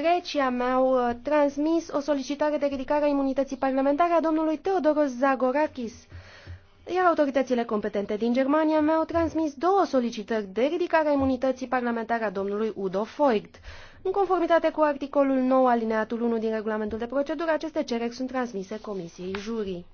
Grecia mi-au uh, transmis o solicitare de ridicare a imunității parlamentare a domnului Teodoros Zagorakis, iar autoritățile competente din Germania mi-au transmis două solicitări de ridicare a imunității parlamentare a domnului Udo Voigt. În conformitate cu articolul 9 alineatul 1 din regulamentul de procedură, aceste cereri sunt transmise Comisiei Jurii.